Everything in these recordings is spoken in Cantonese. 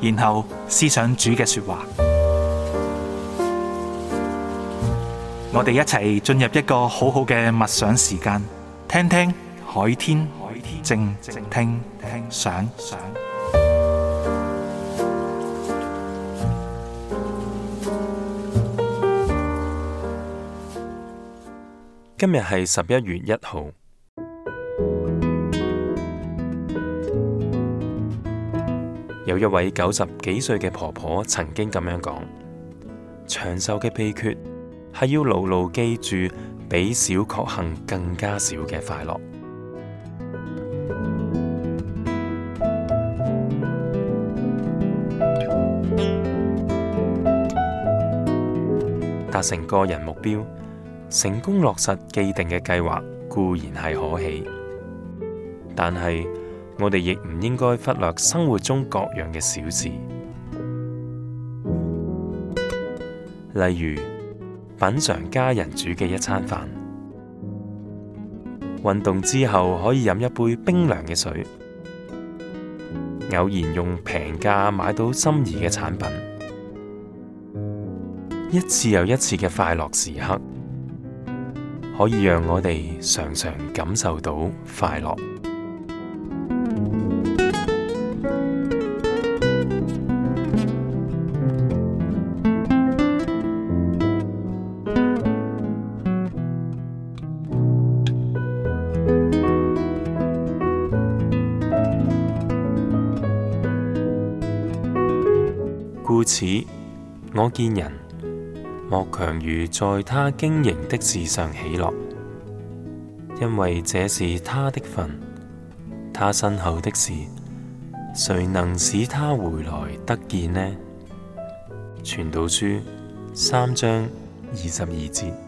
然後思想主嘅說話，嗯、我哋一齊進入一個好好嘅默想時間，聽聽海天靜聽想。今日係十一月一號。有一位九十幾歲嘅婆婆曾經咁樣講：長壽嘅秘訣係要牢牢記住，比小確幸更加少嘅快樂。達成個人目標，成功落實既定嘅計劃固然係可喜，但係，我哋亦唔應該忽略生活中各樣嘅小事，例如品嘗家人煮嘅一餐飯，運動之後可以飲一杯冰涼嘅水，偶然用平價買到心儀嘅產品，一次又一次嘅快樂時刻，可以讓我哋常常感受到快樂。故此，我見人莫強如在他經營的事上喜樂，因為這是他的份。他身後的事，誰能使他回來得見呢？傳道書三章二十二節。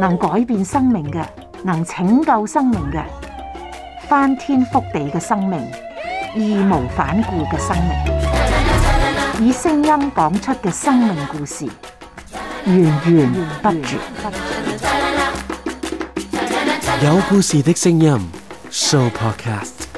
能改變生命嘅，能拯救生命嘅，翻天覆地嘅生命，義無反顧嘅生命，以聲音講出嘅生命故事，源源不絕。有故事的聲音，Sooo Podcast。